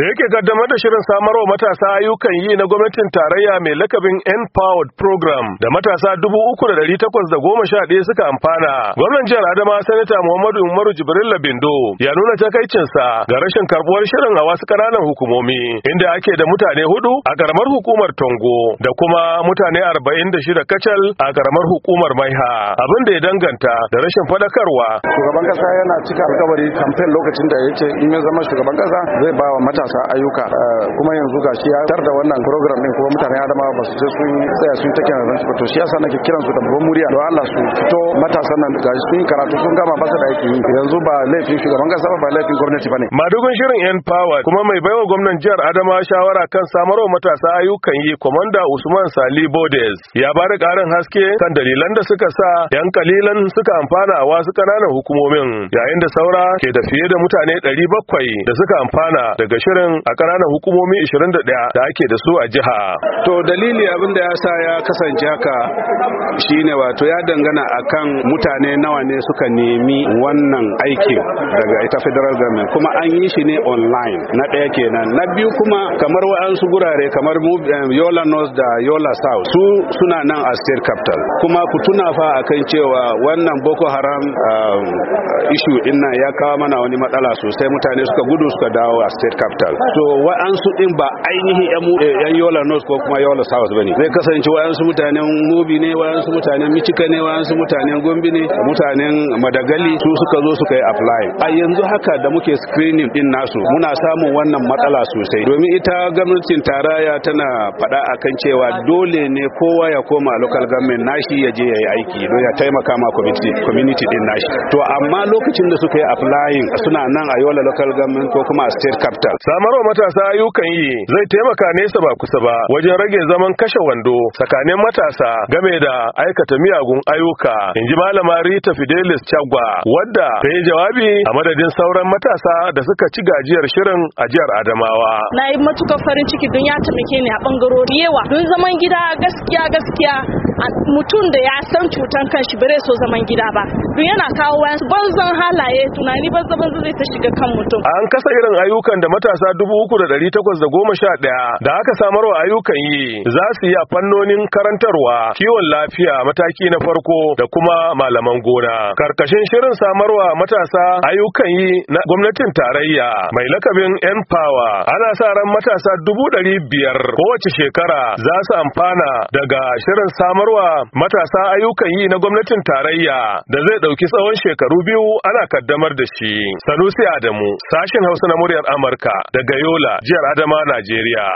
da yake gaddamar da shirin samarwa matasa ayyukan yi na gwamnatin tarayya mai lakabin empowered program da matasa dubu uku da dari takwas da goma sha ɗaya suka amfana gwamnan jihar adama sanata muhammadu umaru Jibril Labindo ya nuna takaicinsa ga rashin karbuwar shirin a wasu ƙananan hukumomi inda ake da mutane hudu a ƙaramar hukumar tongo da kuma mutane arba'in da shida kacal a ƙaramar hukumar maiha abin da ya danganta da rashin faɗakarwa shugaban kasa yana cika alƙawari kamfen lokacin da ya ce in ya zama shugaban kasa zai ba wa matasa matasa ayyuka eh, kuma yanzu ga shi tar da wannan program din kuma mutane adama ba su je sun tsaya sun take na su to shi yasa nake kiran su da babban murya don Allah su fito matasan nan ga sun karatu sun gama ba su da aiki yanzu ba laifin shugaban kasa ba laifin gwamnati bane madugun shirin yan power kuma mai baiwa gwamnan jihar Adama shawara kan samarwa matasa ayyukan yi komanda Usman Sali Bodes ya bada karin haske kan dalilan da suka sa yan kalilan suka amfana a wasu kananan hukumomin yayin da saura ke da fiye da mutane 700 da suka amfana daga shirin bangaren a ƙananan hukumomi 21 da ake da su a jiha to dalili abin da ya sa ya kasance haka shine wato ya dangana akan mutane nawa ne suka nemi wannan aiki daga ita federal government kuma an yi shi ne online na ɗaya kenan na biyu kuma kamar wa'ansu gurare kamar eh, yola north da yola south su suna nan a state capital kuma ku tuna fa akan cewa wannan boko haram eh, issue ina ya kawo mana wani matsala sosai mutane suka gudu suka dawo a state capital to wa'ansu din ba ainihin eh, yan yola north ko kuma yola south bane zai kasance wa'ansu mutanen mubi ne wa'ansu mutanen michika ne wa'ansu mutanen gombe ne mutanen madagali su suka zo suka yi apply a yanzu haka da muke screening din nasu muna samun wannan matsala sosai domin ita gwamnatin taraya tana faɗa akan cewa dole ne kowa ya koma local government nashi ya je ya yi aiki don ya taimaka ma community din nashi to amma lokacin da suka yi applying suna nan a yola local government ko kuma a state capital samarwa matasa ayyukan yi zai taimaka nesa ba kusa ba wajen rage zaman kashe wando tsakanin matasa game da aikata miyagun ayyuka inji ji malama rita fidelis chagwa wadda ta yi jawabi a madadin sauran matasa da suka ci gajiyar shirin a jihar adamawa na yi matukar farin ciki don ya taimake ni a bangarori yawa don zaman gida gaskiya gaskiya mutum da ya san cutan kanshi bare so zaman gida ba don yana kawo wasu banzan mummunan halaye tunani banza banza zai ta shiga kan mutum an kasa irin ayyukan da matasa dubu uku da ɗari takwas da goma sha ɗaya da aka samarwa ayyukan yi za su yi a fannonin karantarwa kiwon lafiya mataki na farko da kuma malaman gona karkashin shirin samarwa matasa ayyukan yi na gwamnatin tarayya mai lakabin N-POWER ana sa ran matasa dubu ɗari biyar kowace shekara za su amfana daga shirin samarwa matasa ayyukan yi na gwamnatin tarayya da zai ɗauki tsawon shekaru biyu ana kaddamar da shi sanusi adamu sashen hausa na muryar amurka daga yola jihar adama najeriya